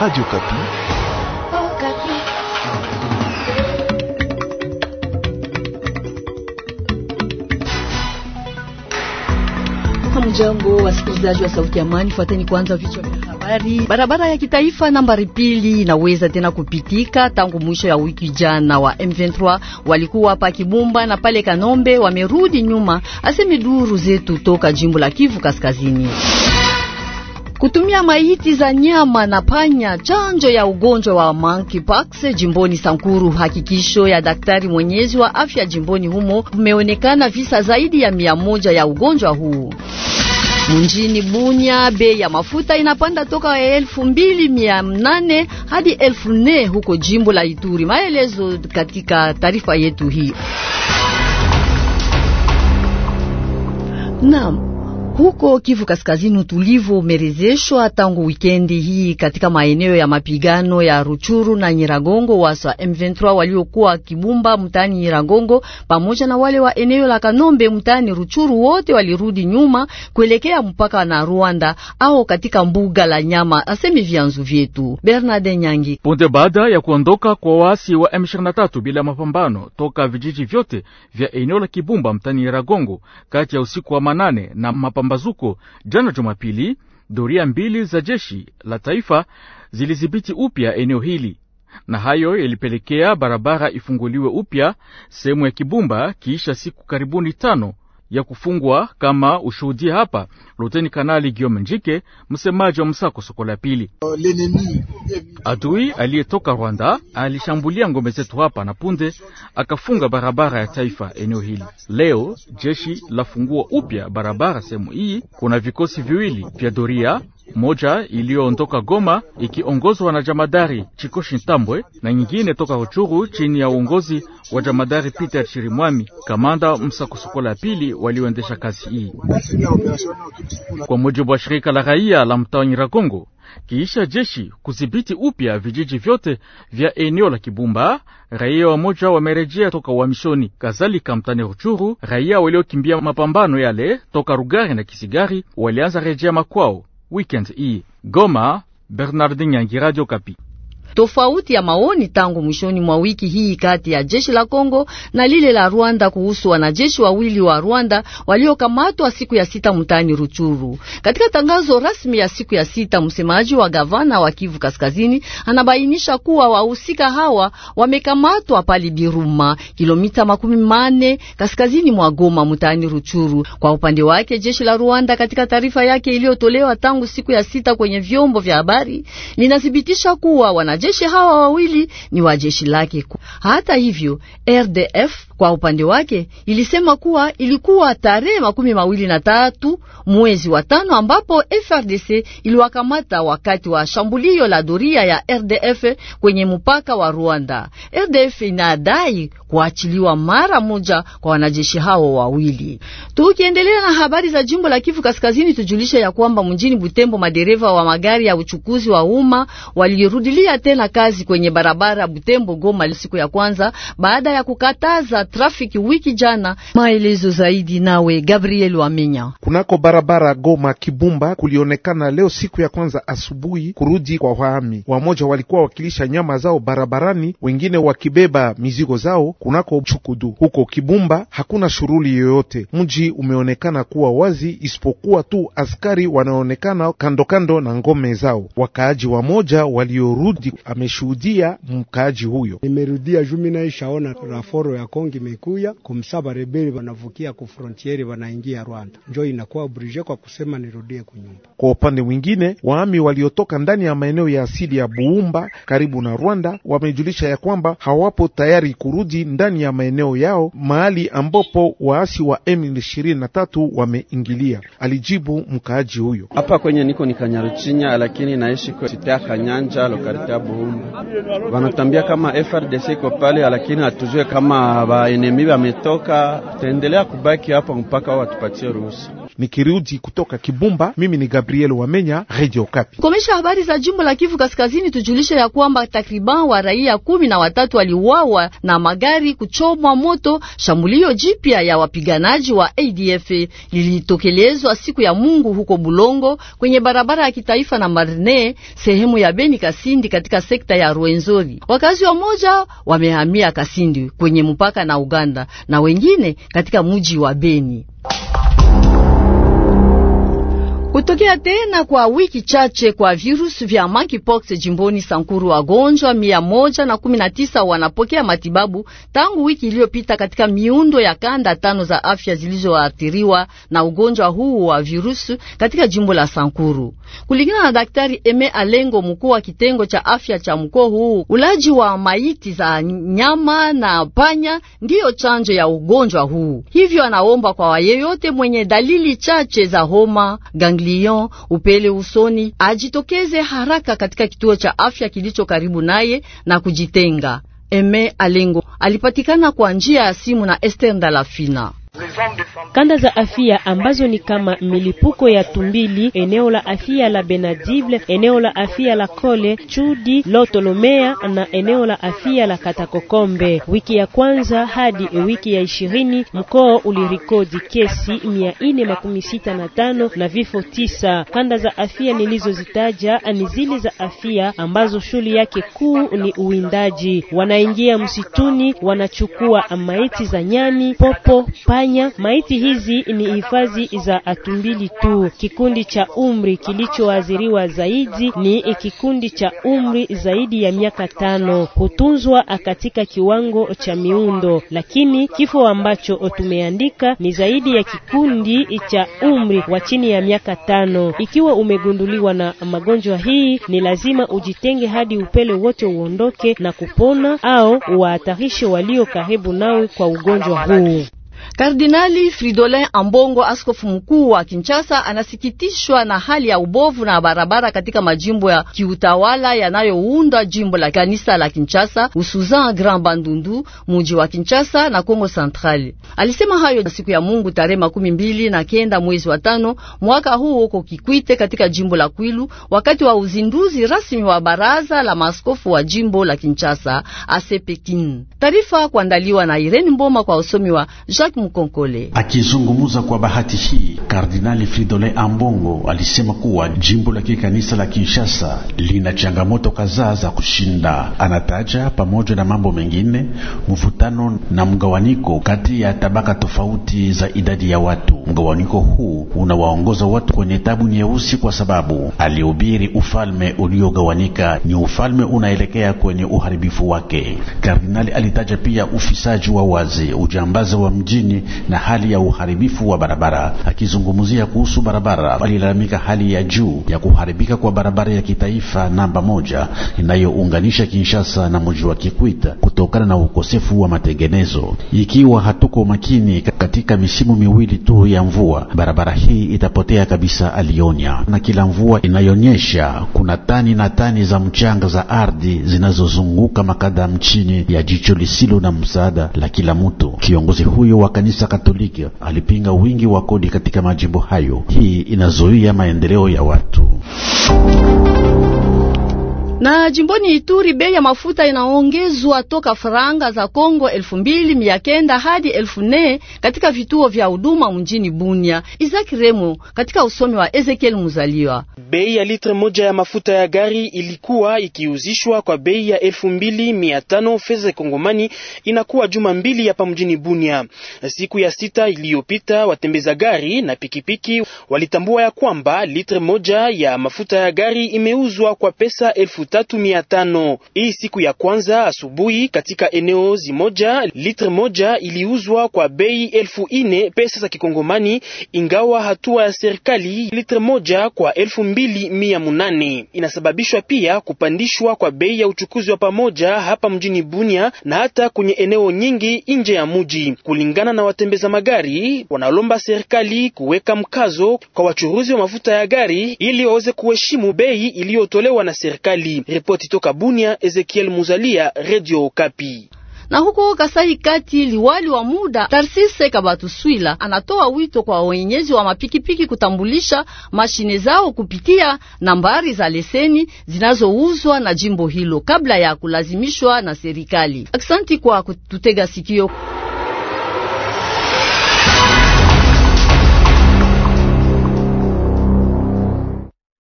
Radio Kapi. Oh, Kapi. Mjambo, wasikilizaji wa sauti ya amani, fuateni kwanza vichwa vya habari. Barabara ya kitaifa nambari pili inaweza tena kupitika tangu mwisho ya wiki jana. Wa M23 walikuwa pa Kibumba na pale Kanombe, wamerudi nyuma, aseme duru zetu toka jimbo la Kivu Kaskazini kutumia maiti za nyama na panya, chanjo ya ugonjwa wa monkeypox jimboni Sankuru. Hakikisho ya daktari mwenyezi wa afya jimboni humo, umeonekana visa zaidi ya mia moja ya ugonjwa huu. Mjini Bunya, bei ya mafuta inapanda toka elfu mbili mia nane hadi elfu nne huko jimbo la Ituri. Maelezo katika taarifa yetu hii. Naam. Huko Kivu Kaskazini tulivyomerezeshwa tangu wikendi hii katika maeneo ya mapigano ya Ruchuru na Nyiragongo, wasa M23 waliokuwa Kibumba mtaani Nyiragongo pamoja na wale wa eneo la Kanombe mtaani Ruchuru wote walirudi nyuma kuelekea mpaka na Rwanda au katika mbuga la nyama, asemi vyanzo vyetu. Bernard Nyangi. Punde baada ya kuondoka kwa waasi wa M23 bila mapambano toka vijiji vyote vya eneo la Kibumba mtaani Nyiragongo kati ya usiku wa manane na mapambano mapambazuko. Jana Jumapili, doria mbili za jeshi la taifa zilidhibiti upya eneo hili na hayo yalipelekea barabara ifunguliwe upya sehemu ya Kibumba kiisha siku karibuni tano ya kufungwa kama ushuhudia hapa Luteni Kanali Giome Njike, msemaji wa msako soko la pili. Adui aliyetoka Rwanda alishambulia ngome zetu hapa na punde akafunga barabara ya taifa eneo hili. Leo jeshi lafungua upya barabara sehemu hii, kuna vikosi viwili vya doria moja iliyoondoka Goma ikiongozwa na jamadari Chikoshi Ntambwe na nyingine toka Ruchuru chini ya uongozi wa jamadari Peter Chirimwami, kamanda msakusukola ya pili walioendesha kazi hii, kwa mujibu wa shirika la raia la mtaa wa Nyiragongo. Kiisha jeshi kudhibiti upya vijiji vyote vya eneo la Kibumba, raia wa moja wamerejea toka uhamishoni. Kadhalika mtani Ruchuru, raia waliokimbia mapambano yale toka Rugari na Kisigari walianza rejea makwao. Weekend hii e, Goma, Bernardin Yangi, Radio Kapi tofauti ya maoni tangu mwishoni mwa wiki hii kati ya jeshi la Kongo na lile la Rwanda kuhusu wanajeshi wawili wa Rwanda waliokamatwa siku ya sita mtaani Ruchuru. Katika tangazo rasmi ya siku ya sita, msemaji wa gavana wa Kivu Kaskazini anabainisha kuwa wahusika hawa wamekamatwa pale Biruma, kilomita makumi mane kaskazini mwa Goma mtaani Ruchuru. Kwa upande wake, jeshi la Rwanda katika taarifa yake iliyotolewa tangu siku ya sita kwenye vyombo vya habari linathibitisha kuwa wanajeshi Wanajeshi hawa wawili ni wa jeshi lake. Hata hivyo, RDF kwa upande wake ilisema kuwa ilikuwa tarehe makumi mawili na tatu mwezi wa tano ambapo FRDC iliwakamata wakati wa shambulio la doria ya RDF kwenye mpaka wa Rwanda. RDF inadai kuachiliwa mara moja kwa wanajeshi hao wawili. Tukiendelea na habari za jimbo la Kivu Kaskazini, tujulisha ya kwamba mjini Butembo madereva wa magari ya uchukuzi wa umma walirudilia tena kazi kwenye barabara Butembo Goma siku ya kwanza baada ya kukataza trafiki wiki jana. Maelezo zaidi nawe Gabriel Waminya. Kunako barabara Goma Kibumba kulionekana leo siku ya kwanza asubuhi kurudi kwa wahami. Wamoja walikuwa wakilisha nyama zao barabarani, wengine wakibeba mizigo zao kunako Chukudu. Huko Kibumba hakuna shughuli yoyote, mji umeonekana kuwa wazi isipokuwa tu askari wanaonekana kandokando na ngome zao. Wakaaji wamoja waliorudi ameshuhudia mkaaji huyo. Nimerudia jumi naye shaona raforo ya kongi mekuya kumsaba rebeli wanavukia kufrontieri wanaingia Rwanda, njo inakuwa brije kwa kusema nirudie kunyumba. Kwa upande mwingine, waami waliotoka ndani ya maeneo ya asili ya Buumba karibu na Rwanda wamejulisha ya kwamba hawapo tayari kurudi ndani ya maeneo yao, mahali ambapo waasi wa M23 wameingilia, alijibu mkaaji huyo. Hapa kwenye niko ni Kanyaruchinya, lakini naishi kwa Sitaka Nyanja lokalita Buhumbu. Wanatambia kama FRDC iko pale, lakini hatujue kama waenemi wametoka. Tutaendelea kubaki hapa mpaka watupatie ruhusa. Nikirudi kutoka Kibumba, mimi ni Gabriel Wamenya, Radio Okapi. Komesha habari za jimbo la Kivu Kaskazini tujulishe ya kwamba takriban wa raia kumi na watatu waliuawa na magari kuchomwa moto. Shambulio jipya ya wapiganaji wa ADF lilitokelezwa siku ya Mungu huko Bulongo kwenye barabara ya kitaifa na Marne sehemu ya Beni Kasindi katika sekta ya ruenzori Wakazi wa moja wamehamia Kasindi kwenye mpaka na Uganda na wengine katika mji wa Beni. Kutokea tena kwa wiki chache kwa virusi vya monkeypox jimboni Sankuru, wagonjwa mia moja na kumi na tisa wanapokea matibabu tangu wiki iliyopita katika miundo ya kanda tano za afya zilizoathiriwa na ugonjwa huu wa virusi katika jimbo la Sankuru, kulingana na Daktari Eme Alengo, mkuu wa kitengo cha afya cha mkoa huu. Ulaji wa maiti za nyama na panya ndiyo chanjo ya ugonjwa huu, hivyo anaomba kwa yeyote mwenye dalili chache za homa gangli Lyon, upele usoni, ajitokeze haraka katika kituo cha afya kilicho karibu naye na kujitenga. Eme Alengo alipatikana kwa njia ya simu na Esther Ndalafina. Kanda za afya ambazo ni kama milipuko ya tumbili, eneo la afya la Benadible, eneo la afya la Kole, Chudi, Lotolomea na eneo la afya la Katakokombe. Wiki ya kwanza hadi wiki ya ishirini mkoa ulirikodi kesi mia nne makumi sita na tano na vifo tisa. Kanda za afya nilizozitaja ni zile za afya ambazo shughuli yake kuu ni uwindaji. Wanaingia msituni, wanachukua maiti za nyani, popo pa Mahanya. Maiti hizi ni hifadhi za atumbili tu. Kikundi cha umri kilichoathiriwa zaidi ni kikundi cha umri zaidi ya miaka tano, hutunzwa katika kiwango cha miundo, lakini kifo ambacho tumeandika ni zaidi ya kikundi cha umri wa chini ya miaka tano. Ikiwa umegunduliwa na magonjwa hii, ni lazima ujitenge hadi upele wote uondoke na kupona, au wahatarishe walio karibu nawe kwa ugonjwa huu. Kardinali Fridolin Ambongo, askofu mkuu wa Kinshasa, anasikitishwa na hali ya ubovu na barabara katika majimbo ya kiutawala yanayounda jimbo la kanisa la Kinshasa, hususan Grand Bandundu, muji wa Kinshasa na Kongo Central. Alisema hayo siku ya Mungu tarehe makumi mbili na kenda mwezi wa tano mwaka huu huko Kikwite katika jimbo la Kwilu, wakati wa uzinduzi rasmi wa baraza la maaskofu wa jimbo la Kinshasa asepekin. Taarifa kuandaliwa na Irene Mboma kwa usomi wa Jacques Mkonkole. Akizungumza kwa bahati hii, Kardinali Fridolin Ambongo alisema kuwa jimbo la kikanisa la Kinshasa lina changamoto kadhaa za kushinda. Anataja pamoja na mambo mengine mvutano na mgawanyiko kati ya tabaka tofauti za idadi ya watu. Mgawanyiko huu unawaongoza watu kwenye tabu nyeusi, kwa sababu alihubiri ufalme uliogawanika ni ufalme unaelekea kwenye uharibifu wake. Kardinali alitaja pia ufisaji wa wazi, ujambazi wa mjini na hali ya uharibifu wa barabara. Akizungumzia kuhusu barabara, alilalamika hali ya juu ya kuharibika kwa barabara ya kitaifa namba moja inayounganisha Kinshasa na mji wa kikwita kutokana na ukosefu wa matengenezo. Ikiwa hatuko makini katika misimu miwili tu ya mvua, barabara hii itapotea kabisa, alionya. Na kila mvua inayonyesha kuna tani na tani za mchanga za ardhi zinazozunguka makadam chini ya jicho lisilo na msaada la kila mtu. Kiongozi huyo wa kanisa Katoliki alipinga wingi wa kodi katika majimbo hayo. Hii inazuia maendeleo ya watu na jimboni Ituri bei ya mafuta inaongezwa toka faranga za Kongo elfu mbili mia kenda hadi elfu nne katika vituo vya huduma mjini Bunia. Isaac Remo katika usomi wa Ezekiel Muzaliwa. Bei ya litre moja ya mafuta ya gari ilikuwa ikiuzishwa kwa bei ya elfu mbili mia tano kongomani, inakuwa juma mbili hapa mjini Bunia. Siku ya sita iliyopita, watembeza gari na pikipiki walitambua ya kwamba litre moja ya mafuta ya gari imeuzwa kwa pesa elfu tatu mia tano. Hii siku ya kwanza asubuhi katika eneo zimoja litre moja iliuzwa kwa bei elfu ine pesa za kikongomani, ingawa hatua ya serikali litre moja kwa elfu mbili mia munane inasababishwa pia kupandishwa kwa bei ya uchukuzi wa pamoja hapa mjini Bunia na hata kwenye eneo nyingi nje ya muji. Kulingana na watembeza magari, wanalomba serikali kuweka mkazo kwa wachuruzi wa mafuta ya gari ili waweze kuheshimu bei iliyotolewa na serikali. Ripoti toka Bunia, Ezekiel Muzalia, Radio Okapi na huko Kasai Kati, liwali wa muda Tarsise Kabatuswila anatoa wito kwa wenyeji wa mapikipiki kutambulisha mashine zao kupitia nambari za leseni zinazouzwa na jimbo hilo kabla ya kulazimishwa na serikali. Aksanti kwa kututega sikio.